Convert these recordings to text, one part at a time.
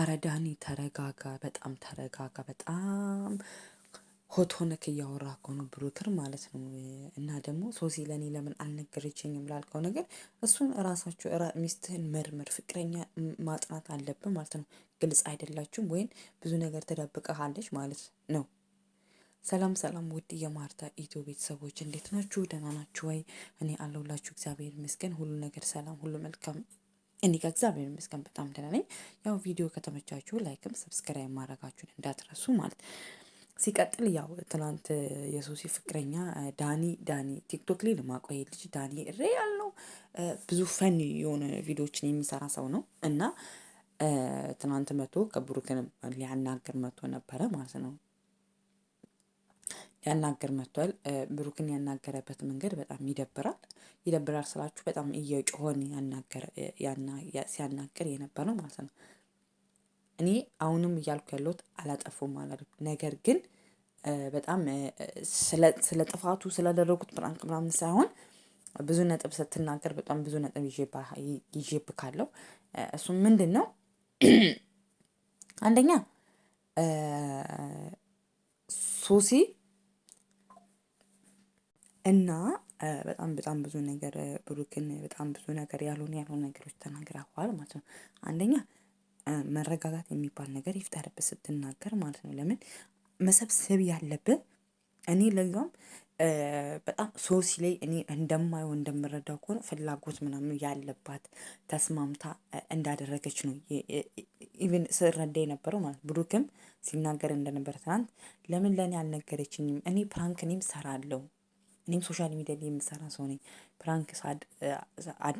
አረዳኒ ተረጋጋ፣ በጣም ተረጋጋ። በጣም ሆት ሆነክ እያወራ ከሆነ ብሩክር ማለት ነው። እና ደግሞ ሶሲ ለእኔ ለምን አልነገረችኝም ላልከው ነገር እሱን እራሳችሁ ሚስትህን መርምር፣ ፍቅረኛ ማጥናት አለብን ማለት ነው። ግልጽ አይደላችሁም ወይም ብዙ ነገር ትደብቀሃለች ማለት ነው። ሰላም ሰላም፣ ውድ የማርታ ኢትዮ ቤተሰቦች እንዴት ናችሁ? ደህና ናችሁ ወይ? እኔ አለሁላችሁ። እግዚአብሔር ይመስገን፣ ሁሉ ነገር ሰላም፣ ሁሉ መልካም እኔ ጋር እግዚአብሔር ይመስገን በጣም ደህና ነኝ። ያው ቪዲዮ ከተመቻችሁ ላይክም ሰብስክራይብ ማድረጋችሁን እንዳትረሱ ማለት ሲቀጥል ያው ትናንት የሶሲ ፍቅረኛ ዳኒ ዳኒ ቲክቶክ ላይ ለማቆየ ልጅ ዳኒ ሪያል ነው። ብዙ ፈን የሆነ ቪዲዮዎችን የሚሰራ ሰው ነው እና ትናንት መቶ ከብሩክን ሊያናግር መቶ ነበረ ማለት ነው። ሊያናግር መቷል። ብሩክን ያናገረበት መንገድ በጣም ይደብራል። ይደብራል ስላችሁ በጣም እየጮሆን ሲያናገር የነበር ነው ማለት ነው። እኔ አሁንም እያልኩ ያለሁት አላጠፉም አላደረኩም። ነገር ግን በጣም ስለ ጥፋቱ ስላደረጉት ፕራንክ ምናምን ሳይሆን ብዙ ነጥብ ስትናገር በጣም ብዙ ነጥብ ይዤብ ካለው እሱም ምንድን ነው አንደኛ ሶሲ እና በጣም በጣም ብዙ ነገር ብሩክን በጣም ብዙ ነገር ያልሆኑ ያልሆኑ ነገሮች ተናግረኸዋል ማለት ነው። አንደኛ መረጋጋት የሚባል ነገር ይፍጠርብህ ስትናገር ማለት ነው። ለምን መሰብሰብ ያለብህ እኔ ለዛውም በጣም ሶሲ ላይ እኔ እንደማየው እንደምረዳው ከሆነ ፍላጎት ምናምን ያለባት ተስማምታ እንዳደረገች ነው። ኢቭን ስረዳ የነበረው ማለት ብሩክም ሲናገር እንደነበረ ትናንት ለምን ለእኔ አልነገረችኝም? እኔ ፕራንክ እኔም ሰራለሁ እኔም ሶሻል ሚዲያ ላይ የምሰራ ሰው ነኝ። ፕራንክ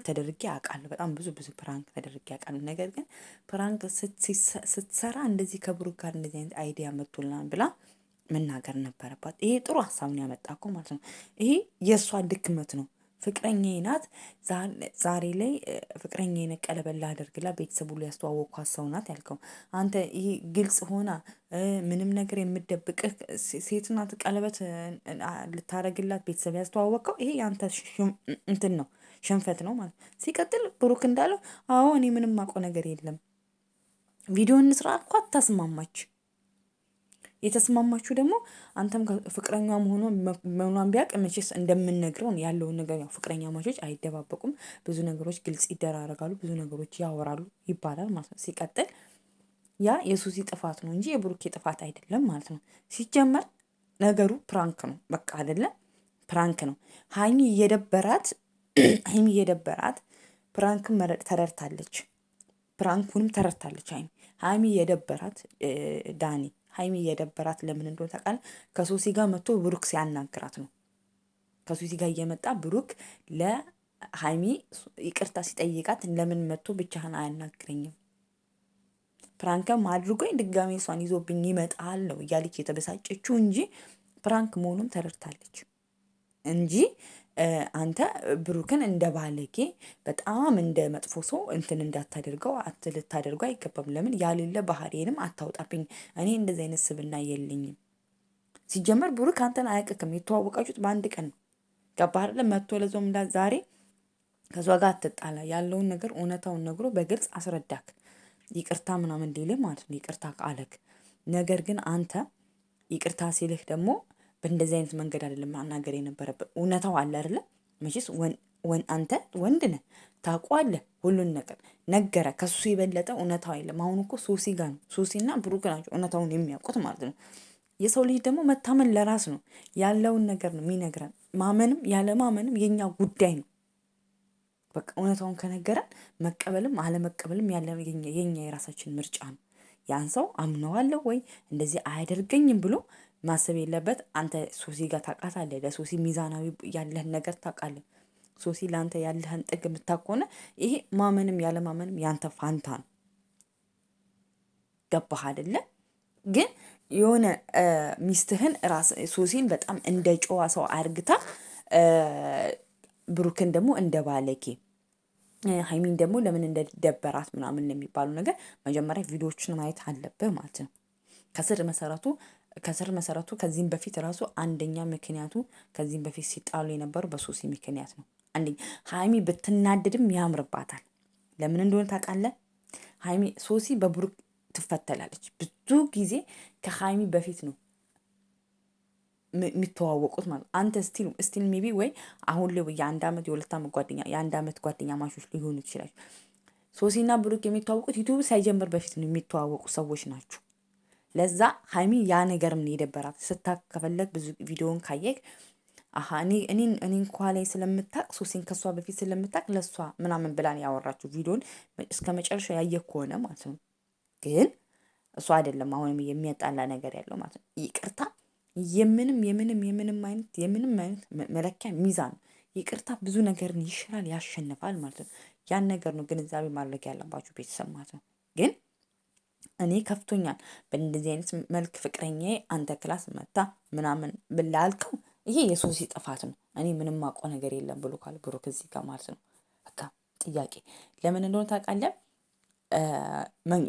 ተደርጌ አውቃለሁ በጣም ብዙ ብዙ ፕራንክ ተደርጌ አውቃለሁ። ነገር ግን ፕራንክ ስትሰራ እንደዚህ ከብሩክ ጋር እንደዚህ አይነት አይዲያ መጥቶልናል ብላ መናገር ነበረባት። ይሄ ጥሩ ሀሳብ ነው ያመጣ እኮ ማለት ነው። ይሄ የእሷ ድክመት ነው ፍቅረኛ ናት። ዛሬ ላይ ፍቅረኛ ነት ቀለበት ላደርግላት ቤተሰቡ ሁሉ ያስተዋወቅኳት ሰው ናት ያልከው አንተ ይሄ ግልጽ ሆና ምንም ነገር የምደብቅህ ሴት ናት ቀለበት ልታደርግላት ቤተሰብ ያስተዋወቅከው ይሄ ያንተ እንትን ነው ሽንፈት ነው ማለት ሲቀጥል ብሩክ እንዳለው አዎ እኔ ምንም የማውቀው ነገር የለም። ቪዲዮ እንስራ አልኳት ተስማማች የተስማማችሁ ደግሞ አንተም ፍቅረኛ መሆኗ መሆኗን ቢያቅ መቼስ እንደምንነግረውን ያለውን ነገር ያው ፍቅረኛ ማቾች አይደባበቁም። ብዙ ነገሮች ግልጽ ይደራረጋሉ፣ ብዙ ነገሮች ያወራሉ ይባላል ማለት ነው። ሲቀጥል ያ የሱሲ ጥፋት ነው እንጂ የብሩኬ ጥፋት አይደለም ማለት ነው። ሲጀመር ነገሩ ፕራንክ ነው፣ በቃ አይደለም ፕራንክ ነው። ሀይሚ እየደበራት ሀይሚ እየደበራት ፕራንክን ተረድታለች፣ ፕራንኩንም ተረድታለች። ሀይሚ ሀይሚ እየደበራት ዳኒ ሀይሚ እየደበራት ለምን እንደሆነ ታውቃለህ? ከሶሲ ጋር መጥቶ ብሩክ ሲያናግራት ነው። ከሶሲ ጋር እየመጣ ብሩክ ለሀይሚ ይቅርታ ሲጠይቃት ለምን መጥቶ ብቻህን አያናግረኝም? ፕራንክም አድርጎኝ ድጋሜ እሷን ይዞብኝ ይመጣል ነው እያለች የተበሳጨችው እንጂ ፕራንክ መሆኑም ተረድታለች እንጂ አንተ ብሩክን እንደ ባለጌ በጣም እንደ መጥፎ ሰው እንትን እንዳታደርገው ልታደርገው አይገባም። ለምን ያሌለ ባህሪንም አታውጣብኝ። እኔ እንደዚህ አይነት ስብና የለኝም። ሲጀመር ብሩክ አንተን አያቅክም። የተዋወቃችሁት በአንድ ቀን ነው። ገባህ አይደለ? መጥቶ ለዞም ዛሬ ከዛ ጋር አትጣላ ያለውን ነገር እውነታውን ነግሮ በግልጽ አስረዳክ። ይቅርታ ምናምን ሌሌ ማለት ነው ይቅርታ አለክ። ነገር ግን አንተ ይቅርታ ሲልህ ደግሞ በእንደዚህ አይነት መንገድ አይደለም ማናገር የነበረበት። እውነታው አለ አይደለ? መቼስ አንተ ወንድ ነህ ታውቀዋለህ፣ ሁሉን ነገር ነገረ። ከሱ የበለጠ እውነታው የለም። አሁን እኮ ሶሲ ጋ ነው፣ ሶሲና ብሩክ ናቸው እውነታውን የሚያውቁት ማለት ነው። የሰው ልጅ ደግሞ መታመን ለራስ ነው፣ ያለውን ነገር ነው የሚነግረን። ማመንም ያለ ማመንም የእኛ ጉዳይ ነው። በቃ እውነታውን ከነገረን መቀበልም አለመቀበልም ያለ የኛ የራሳችን ምርጫ ነው። ያን ሰው አምነዋለሁ ወይ እንደዚህ አያደርገኝም ብሎ ማሰብ የለበት አንተ ሶሲ ጋር ታውቃታለህ። ለሶሲ ሚዛናዊ ያለህን ነገር ታውቃለህ። ሶሲ ለአንተ ያለህን ጥግ የምታኮነ ይሄ ማመንም ያለማመንም ያንተ ፋንታ ነው። ገባህ አይደለ? ግን የሆነ ሚስትህን ራስ ሶሲን በጣም እንደ ጨዋ ሰው አርግታ ብሩክን ደግሞ እንደ ባለጌ ሀይሚን ደግሞ ለምን እንደደበራት ምናምን የሚባለው ነገር መጀመሪያ ቪዲዮዎችን ማየት አለብህ ማለት ነው። ከስር መሰረቱ ከስር መሰረቱ ከዚህም በፊት ራሱ አንደኛ ምክንያቱ ከዚህም በፊት ሲጣሉ የነበሩ በሶሲ ምክንያት ነው። አንደኛ ሀይሚ ብትናደድም ያምርባታል። ለምን እንደሆነ ታውቃለህ? ሀይሚ ሶሲ በብሩክ ትፈተላለች። ብዙ ጊዜ ከሀይሚ በፊት ነው የሚተዋወቁት ማለት አንተ ስቲል ስቲል ሜቢ ወይ አሁን ላይ የአንድ ዓመት የሁለት ዓመት ጓደኛ የአንድ ዓመት ጓደኛ ማሾች ሊሆኑ ይችላል። ሶሲና ብሩክ የሚተዋወቁት ዩቱብ ሳይጀምር በፊት ነው የሚተዋወቁ ሰዎች ናቸው። ለዛ ሀይሚ ያ ነገር ምን የደበራት ስታክ ከፈለግ ብዙ ቪዲዮን ካየግ አሀ እኔ እንኳ ላይ ስለምታቅ ሶሴን ከእሷ በፊት ስለምታቅ ለእሷ ምናምን ብላን ያወራችሁ ቪዲዮን እስከ መጨረሻ ያየ ከሆነ ማለት ነው። ግን እሷ አይደለም አሁንም የሚያጣላ ነገር ያለው ማለት ነው። ይቅርታ የምንም የምንም የምንም አይነት የምንም አይነት መለኪያ ሚዛን ይቅርታ ብዙ ነገርን ይሽራል፣ ያሸንፋል ማለት ነው። ያን ነገር ነው ግንዛቤ ማድረግ ያለባችሁ ቤተሰብ ማለት ነው ግን እኔ ከፍቶኛል በእንደዚህ አይነት መልክ ፍቅረኛ አንተ ክላስ መታ ምናምን ብላልከው ይሄ የሶሲ ጥፋት ነው። እኔ ምንም ማውቀው ነገር የለም ብሎ ካል ብሩክ እዚህ ጋር ማለት ነው። በቃ ጥያቄ ለምን እንደሆነ ታውቃለህ?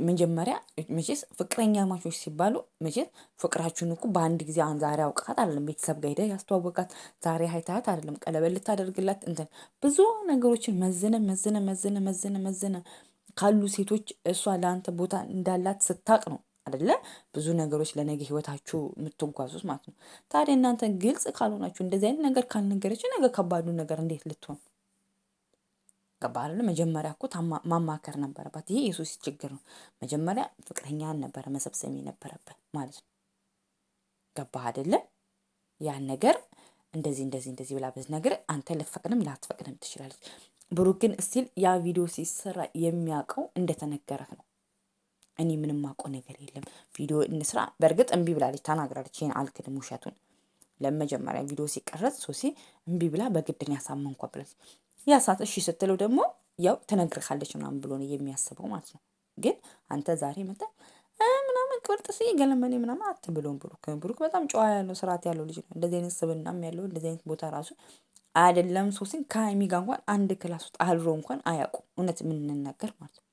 መጀመሪያ መቼስ ፍቅረኛ ማቾች ሲባሉ መቼስ ፍቅራችሁን እኮ በአንድ ጊዜ ዛሬ አውቃት አይደለም፣ ቤተሰብ ጋር ሄደህ ያስተዋወቃት፣ ዛሬ ሀይታት አይደለም፣ ቀለበት ልታደርግላት እንትን ብዙ ነገሮችን መዝነ መዝነ መዝነ መዝነ መዝነ ካሉ ሴቶች እሷ ለአንተ ቦታ እንዳላት ስታቅ ነው አደለ? ብዙ ነገሮች ለነገ ህይወታችሁ የምትጓዙት ማለት ነው። ታዲያ እናንተ ግልጽ ካልሆናችሁ እንደዚህ አይነት ነገር ካልነገረች ነገ ከባዱ ነገር እንዴት ልትሆን ገባለ? መጀመሪያ እኮ ማማከር ነበረባት። ይሄ የሱስ ችግር ነው። መጀመሪያ ፍቅረኛን ነበረ መሰብሰብ የነበረበት ማለት ነው። ገባህ አደለ? ያን ነገር እንደዚህ እንደዚህ እንደዚህ ብላ በዚህ ነገር አንተ ልትፈቅድም ላትፈቅድም ትችላለች። ብሩክ ግን እስቲል ያ ቪዲዮ ሲሰራ የሚያውቀው እንደተነገረህ ነው። እኔ ምንም አውቀው ነገር የለም ቪዲዮ እንስራ። በእርግጥ እምቢ ብላለች፣ ተናግራለች። ይህን አልክድም፣ ውሸቱን ለመጀመሪያ ቪዲዮ ሲቀረጽ ሶሲ እምቢ ብላ በግድን ያሳመንኳ ብላለች። ያ ሳት እሺ ስትለው ደግሞ ያው ትነግርካለች ምናምን ብሎ ነው የሚያስበው ማለት ነው። ግን አንተ ዛሬ መጠ ምናምን ቅርጥስ ገለመኔ ምናምን አትብሎን ብሩክ ብሩክ በጣም ጨዋ ያለው ስርዓት ያለው ልጅ ነው። እንደዚህ አይነት ስብናም ያለው እንደዚህ አይነት ቦታ ራሱ አይደለም ሶሲን ከሀይሚ ጋር እንኳን አንድ ክላስ ውስጥ አድሮ እንኳን አያውቁም። እውነት የምንናገር ማለት ነው።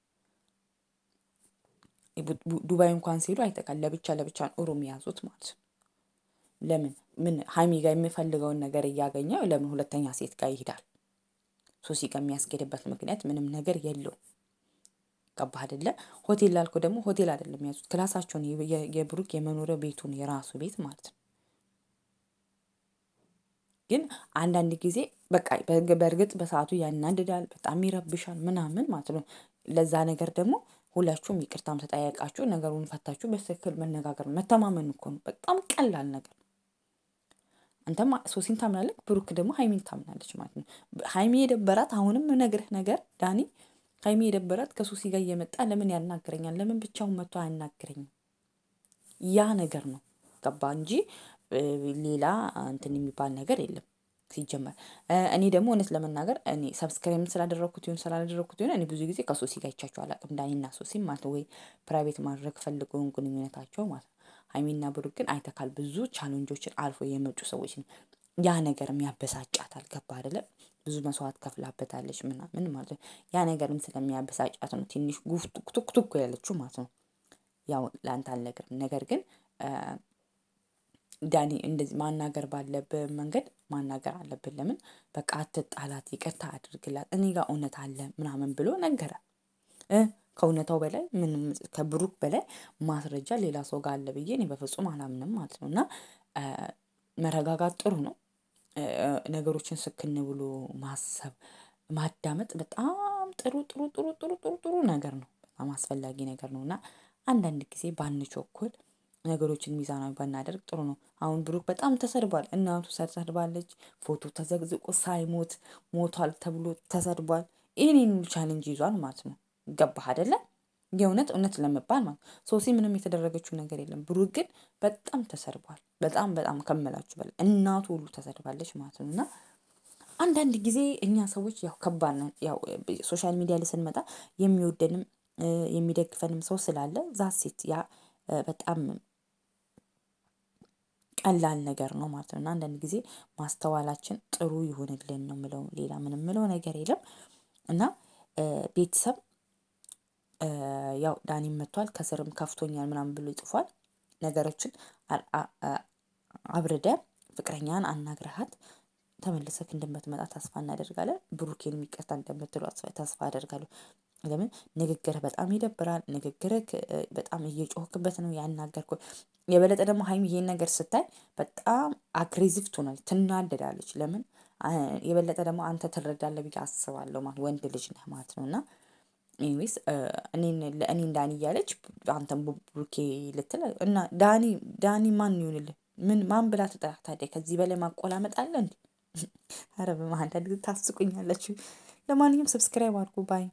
ዱባይ እንኳን ሲሄዱ አይተቃል። ለብቻ ለብቻ ኦሮም የያዙት ማለት ነው። ለምን ምን ሀይሚ ጋር የሚፈልገውን ነገር እያገኘ ለምን ሁለተኛ ሴት ጋር ይሄዳል? ሶሲ ጋር የሚያስኬድበት ምክንያት ምንም ነገር የለውም። ገባህ አይደለ? ሆቴል ላልኩ ደግሞ ሆቴል አይደለም የያዙት ክላሳቸውን፣ የብሩክ የመኖሪያ ቤቱን የራሱ ቤት ማለት ነው ግን አንዳንድ ጊዜ በቃ በእርግጥ በሰዓቱ ያናድዳል፣ በጣም ይረብሻል ምናምን ማለት ነው። ለዛ ነገር ደግሞ ሁላችሁም ይቅርታም ተጠያቃችሁ ነገሩን ፈታችሁ በትክክል መነጋገር መተማመን እኮ ነው። በጣም ቀላል ነገር አንተም ሶሲን ታምናለች ብሩክ ደግሞ ሀይሚን ታምናለች ማለት ነው። ሀይሚ የደበራት አሁንም ነግርህ ነገር ዳኒ፣ ሀይሚ የደበራት ከሶሲ ጋር እየመጣ ለምን ያናግረኛል? ለምን ብቻውን መቶ አያናግረኝም? ያ ነገር ነው ገባ እንጂ ሌላ እንትን የሚባል ነገር የለም። ሲጀመር እኔ ደግሞ እውነት ለመናገር እኔ ሰብስክራይብ ስላደረኩት ይሁን ስላላደረኩት ይሁን እኔ ብዙ ጊዜ ከሶሲ ጋር አይቻቸው አላውቅም። ዳኒና ሶሲ ማለት ወይ ፕራይቬት ማድረግ ፈልገውን ግንኙነታቸው ማለት ነው። ሀይሚና ብሩክ ግን አይተካል ብዙ ቻሌንጆችን አልፎ የመጡ ሰዎች ነው። ያ ነገርም ያበሳጫት አልገባ አይደለም ብዙ መስዋዕት ከፍላበታለች ምናምን ማለት ነው። ያ ነገርም ስለሚያበሳጫት ነው ትንሽ ጉፍቱክቱክ ያለችው ማለት ነው። ያው ለአንተ አልነገርም ነገር ግን ዳኒ እንደዚህ ማናገር ባለብህ መንገድ ማናገር አለብን። ለምን በቃ አትጣላት፣ ይቅርታ አድርግላት፣ እኔ ጋር እውነት አለ ምናምን ብሎ ነገረ። ከእውነታው በላይ ምንም ከብሩክ በላይ ማስረጃ ሌላ ሰው ጋር አለ ብዬ እኔ በፍጹም አላምንም ማለት ነው። እና መረጋጋት ጥሩ ነው። ነገሮችን ስክን ብሎ ማሰብ ማዳመጥ በጣም ጥሩ ጥሩ ጥሩ ጥሩ ጥሩ ጥሩ ነገር ነው። በጣም አስፈላጊ ነገር ነው እና አንዳንድ ጊዜ ባንቸኩል ነገሮችን ሚዛናዊ ባናደርግ ጥሩ ነው። አሁን ብሩክ በጣም ተሰድቧል እናቱ ተሰድባለች ፎቶ ተዘግዝቆ ሳይሞት ሞቷል ተብሎ ተሰድቧል ይሄን ቻሌንጅ ይዟል ማለት ነው። ገባህ አይደለ? የእውነት እውነት ለመባል ማለት ሶሲ ምንም የተደረገችው ነገር የለም። ብሩክ ግን በጣም ተሰድቧል። በጣም በጣም ከመላችሁ በላይ እናቱ ሁሉ ተሰድባለች ማለት ነው። እና አንዳንድ ጊዜ እኛ ሰዎች ያው ከባድ ነው። ያው ሶሻል ሚዲያ ላይ ስንመጣ የሚወደንም የሚደግፈንም ሰው ስላለ ዛሴት ያ በጣም ቀላል ነገር ነው ማለት ነው። እና አንዳንድ ጊዜ ማስተዋላችን ጥሩ ይሆንልን ነው የምለው ሌላ ምንም ምለው ነገር የለም። እና ቤተሰብ ያው ዳኒም መጥቷል ከስርም ከፍቶኛል ምናምን ብሎ ይጽፏል። ነገሮችን አብርደ ፍቅረኛን አናግረሃት ተመልሰህ እንደምትመጣ ተስፋ እናደርጋለን ብሩኬንም የሚቀርታ እንደምትለው ተስፋ አደርጋለሁ ለምን ንግግርህ በጣም ይደብራል። ንግግርህ በጣም እየጮህክበት ነው ያናገርኩ። የበለጠ ደግሞ ሀይሚ ይሄን ነገር ስታይ በጣም አግሬሲቭ ትሆናለች፣ ትናደዳለች። ለምን የበለጠ ደግሞ አንተ ትረዳለህ ብዬ አስባለሁ። ማለት ወንድ ልጅ ነህ ማለት ነው እና ኢንዌይስ እኔን ለእኔ እንዳኒ እያለች አንተን ቡቡኬ ልትል እና ዳኒ ዳኒ ማን ይሁንልህ? ምን ማን ብላ ትጠራ ታዲያ? ከዚህ በላይ ማቆላመጥ አለ እንዴ? ኧረ በማን ታስቁኛላችሁ። ለማንኛውም ሰብስክራይብ አድርጉ ባይ